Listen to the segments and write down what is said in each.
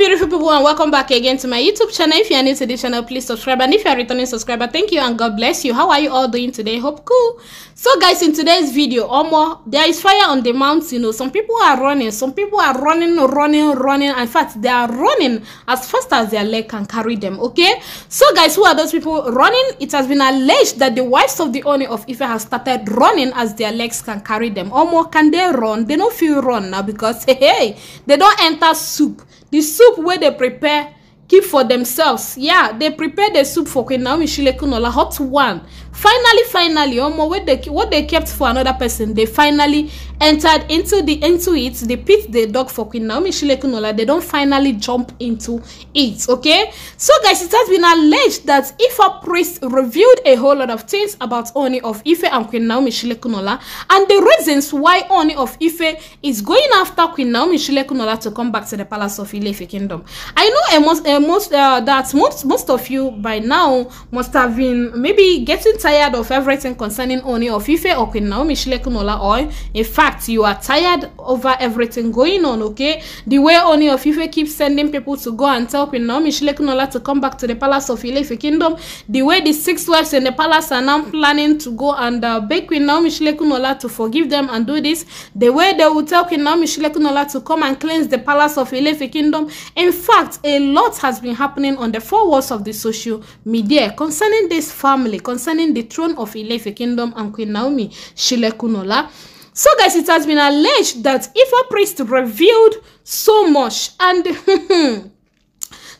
beautiful people and welcome back again to my youtube channel if you are new to this channel please subscribe and if you are returning subscriber thank you and god bless you how are you all doing today hope cool so guys in today's video omo there is fire on the mountain you know some people are running some people are running running running in fact they are running as fast as their leg can carry them okay so guys who are those people running it has been alleged that the wives of the owner of ife has started running as their legs can carry them omo can they run they don't feel run now because hey, hey they don't enter soup the soup wey dey prepare keep for themselves yeah dey prepare the soup for queen naomi shilekunola hot one finally finally omo wey dey what dey kept for another person dey finally entered into the into it the pit dey dug for Queen Naomi Shilekunola they don finally jump into it okay so guys it has been alleged that Ifa priest revealed a whole lot of things about Oni of Ife and Queen Naomi Shilekunola and the reasons why Oni of Ife is going after Queen Naomi Shilekunola to come back to the palace of Ile-Ife kingdom I know uh, most, uh, most uh, that most most of you by now must have been maybe getting tired tired of everything concerning Oni of Ife or Queen Naomi Shilekunola Oy. In fact, you are tired over everything going on, okay? The way Oni of Ife keeps sending people to go and tell Queen Naomi Shilekunola to come back to the palace of Ilefe Kingdom, the way the six wives in the palace are now planning to go and uh, beg Queen Naomi Shilekunola to forgive them and do this, the way they will tell Queen Naomi Shilekunola to come and cleanse the palace of Ilefe Kingdom. In fact, a lot has been happening on the four walls of the social media concerning this family, concerning taking the throne of Ilefe Kingdom and Queen Naomi Shilekunola. So guys, it has been alleged that Ifa priest revealed so much and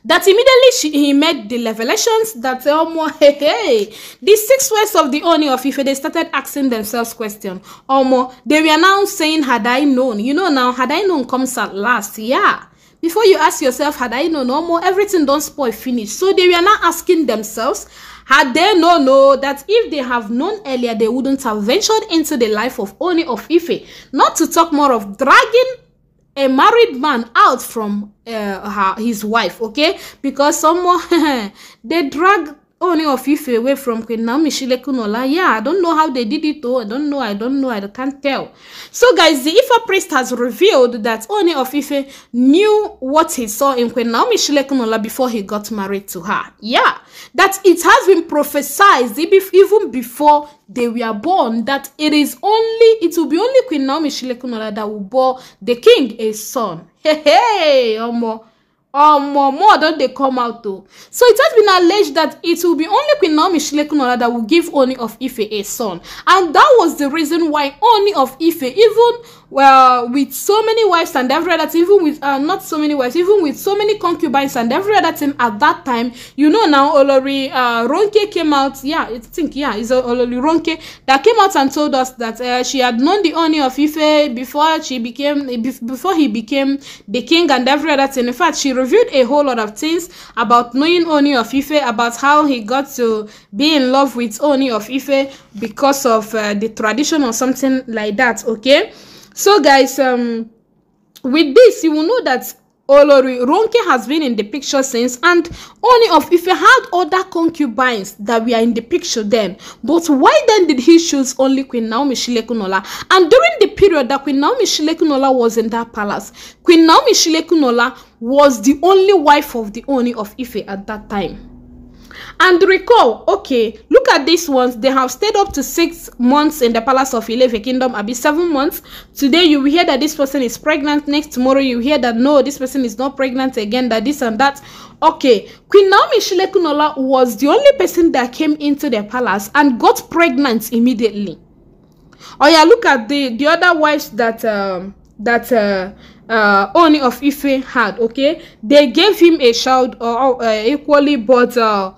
that immediately she, he made the revelations that Omo, oh, hey, hey, the six words of the only of Ife, they started asking themselves question. Omo, oh, they were now saying, had I known? You know now, had I known comes at last, yeah before you ask yourself had i known no more everything don't spoil finish so they were now asking themselves had they no know that if they have known earlier they wouldn't have ventured into the life of oni of ife not to talk more of dragging a married man out from uh, her, his wife okay because someone they drag Only of you feel away from Queen Naomi Shilekunola. Yeah, I don't know how they did it though. I don't know. I don't know. I can't tell. So guys, the Ifa priest has revealed that Oni of Ife knew what he saw in Queen Naomi Shilekunola before he got married to her. Yeah, that it has been prophesied even before they were born that it is only, it will be only Queen Naomi Shilekunola that will bore the king a son. Hey, hey, Omo. Omo, um, more don dey come out though. So it has been alleged that it will be only Queen Naomi Shilekunola that will give Oni of Ife a son. And that was the reason why Oni of Ife even well with so many wives and every other thing even with uh, not so many wives even with so many concubines and every other thing at that time you know now olori uh, ronke came out yeah i think yeah it's olori ronke that came out and told us that uh, she had known the honor of ife before she became eh, before he became the king and every other thing in fact she revealed a whole lot of things about knowing oni of ife about how he got to be in love with oni of ife because of uh, the tradition or something like that okay So guys, um, with this, you will know that Olori oh, Ronke has been in the picture since and only of if he had other concubines that were in the picture then. But why then did he choose only Queen Naomi Shilekunola? And during the period that Queen Naomi Shilekunola was in that palace, Queen Naomi Shilekunola was the only wife of the Oni of Ife at that time. And recall, okay, look at these ones. They have stayed up to six months in the palace of Ileve Kingdom, be seven months. Today you hear that this person is pregnant. Next tomorrow you hear that no, this person is not pregnant again, that this and that. Okay, Queen Naomi Shilekunola was the only person that came into the palace and got pregnant immediately. Oh yeah, look at the, the other wives that... Um, that uh, uh, of Ife had, okay? They gave him a child uh, uh, equally, but uh,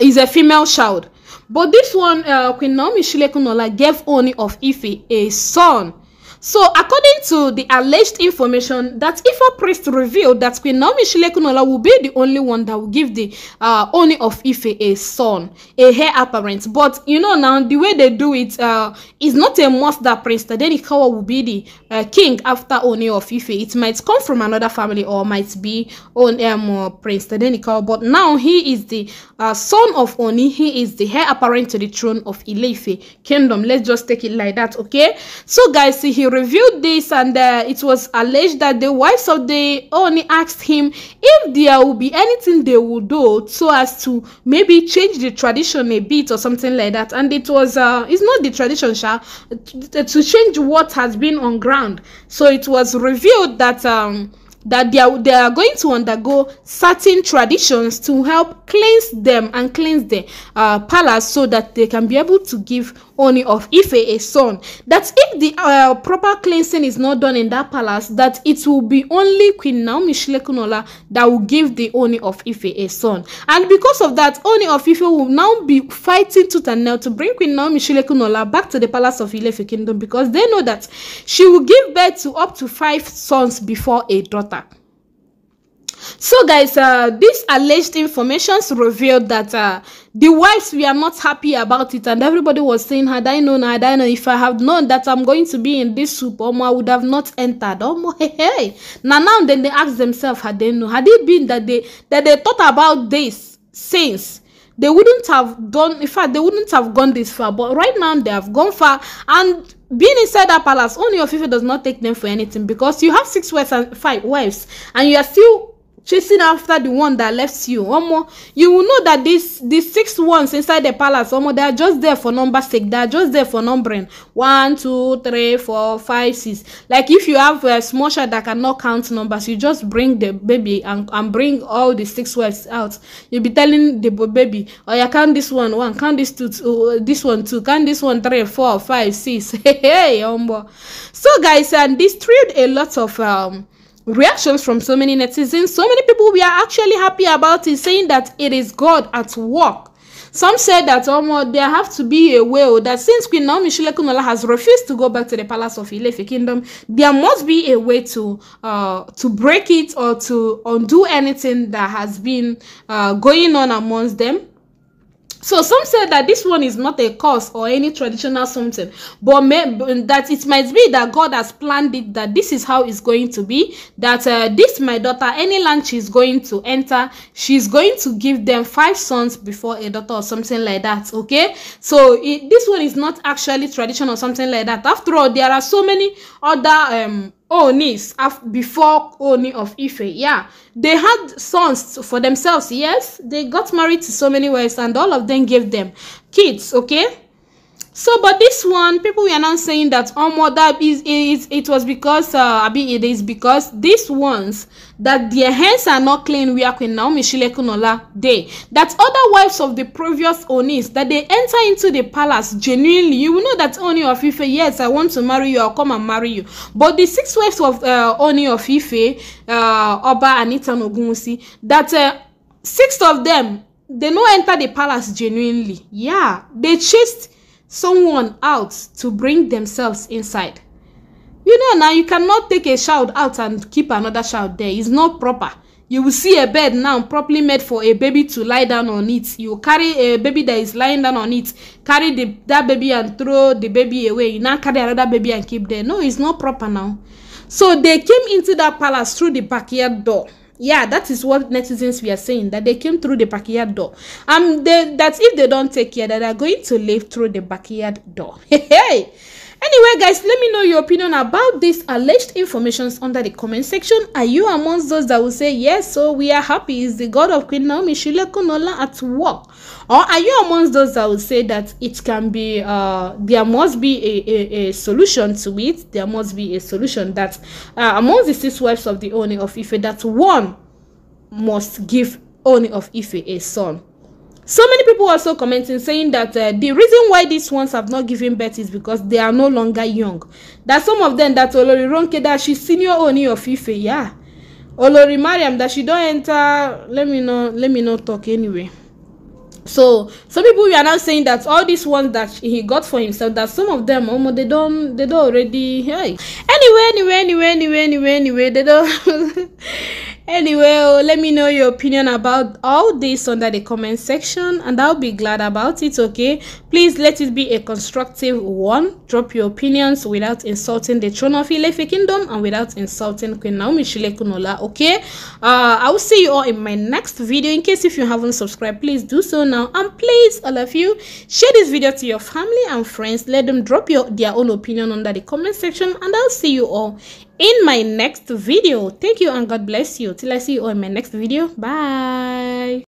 is a female child. But this one, uh, Queen Naomi Shilekunola gave Oni of Ife a son So, according to the alleged information, that Ifa priest revealed that Queen Naomi Shilekunola will be the only one that will give the uh, Oni of Ife a son, a heir apparent. But, you know, now the way they do it uh, is not a must that Prince Tadenikawa will be the uh, king after Oni of Ife. It might come from another family or might be on um, uh, Prince Tadenikawa. But now he is the uh, son of Oni. He is the heir apparent to the throne of Ileife kingdom. Let's just take it like that, okay? So, guys, see here revealed this and uh, it was alleged that the wives of the only asked him if there would be anything they would do so as to maybe change the tradition a bit or something like that and it was uh, it's not the tradition sha to change what has been on ground so it was revealed that um, that they are, they are going to undergo certain traditions to help cleanse them and cleanse the uh, palace so that they can be able to give Oni of Ife a son. That if the uh, proper cleansing is not done in that palace, that it will be only Queen Naomi Shilekunola that will give the Oni of Ife a son. And because of that, Oni of Ife will now be fighting tooth and nail to bring Queen Naomi Shilekunola back to the palace of Ilefe Kingdom because they know that she will give birth to up to five sons before a daughter. daughter. So, guys, uh, these alleged informations revealed that uh, the wives were not happy about it, and everybody was saying, Had I known, had I known, if I had known that I'm going to be in this soup, um, I would have not entered. Oh, hey, hey. Now, now, then they ask themselves, Had they known? Had it been that they, that they thought about this since? They wouldn't have done, in fact, they wouldn't have gone this far, but right now they have gone far, and being inside that palace, only of Ife does not take them for anything because you have six wives and five wives, and you are still chasing after the one that left you omo you will know that this the six ones inside the palace omo they are just there for number sake they are just there for numbering one two three four five six like if you have a small child that cannot count numbers you just bring the baby and and bring all the six ones out you be telling the baby oh count this one one count this two, uh, this one two count this one three four five six hey hey omo so guys and this triggered a lot of um reactions from so many netizens. So many people were actually happy about it, saying that it is God at work. Some said that um, there have to be a way oh, that since Queen Naomi Shilekunola has refused to go back to the palace of Ilefe Kingdom, there must be a way to uh, to break it or to undo anything that has been uh, going on amongst them. So some said that this one is not a curse or any traditional something, but may, that it might be that God has planned it, that this is how it's going to be, that uh, this, my daughter, any land she's going to enter, she's going to give them five sons before a daughter or something like that, okay? So it, this one is not actually traditional or something like that. After all, there are so many other um, Onis oh, before Oni oh, of Ife. Yeah, they had sons for themselves. Yes, they got married to so many wives, and all of them gave them kids. Okay. So, but this one, people were now saying that Omo, oh, that is, is it was because, uh, I it is because this ones that their hands are not clean, we are Queen Naomi Shilekunola day. That other wives of the previous Onis, that they enter into the palace genuinely. You will know that Oni of Ife, yes, I want to marry you, I come and marry you. But the six wives of uh, Oni of Ife, uh, Oba Anita Nogunsi, that uh, six of them, they no enter the palace genuinely. Yeah, they chased someone out to bring themselves inside. You know now, you cannot take a child out and keep another child there. It's not proper. You will see a bed now properly made for a baby to lie down on it. You carry a baby that is lying down on it, carry the, that baby and throw the baby away. You now carry another baby and keep there. No, it's not proper now. So they came into that palace through the backyard door yeah that is what netizens were saying that they came through the backyard door um they that if they don't take care that they are going to live through the backyard door hey. Anyway, guys, let me know your opinion about these alleged informations under the comment section. Are you amongst those that will say, yes, so we are happy, is the God of Queen Naomi Shulekunola at work? Or are you amongst those that will say that it can be, uh, there must be a, a, a solution to it, there must be a solution that uh, amongst the six wives of the owner of Ife, that one must give owner of Ife a son. So many people also commenting saying that uh, the reason why these ones have not given birth is because they are no longer young. That some of them, that Olori Ronke, that she senior Ooni of Ife, yeah. Olori Mariam, that she don't enter, let me know, let me not talk anyway. So some people are now saying that all these ones that he got for himself, that some of them, almost they don't, they don't already, hey. Anyway, anyway, anyway, anyway, anyway, anyway, they don't. Anyway, oh, let me know your opinion about all this under the comment section and I'll be glad about it, okay? Please let it be a constructive one. Drop your opinions without insulting the throne of Ilefe Kingdom and without insulting Queen Naomi Shilekunola, okay? Uh, I will see you all in my next video. In case if you haven't subscribed, please do so now. And please, all of you, share this video to your family and friends. Let them drop your, their own opinion under the comment section and I'll see you all in my next video. Thank you and God bless you. Till I see you on my next video. Bye.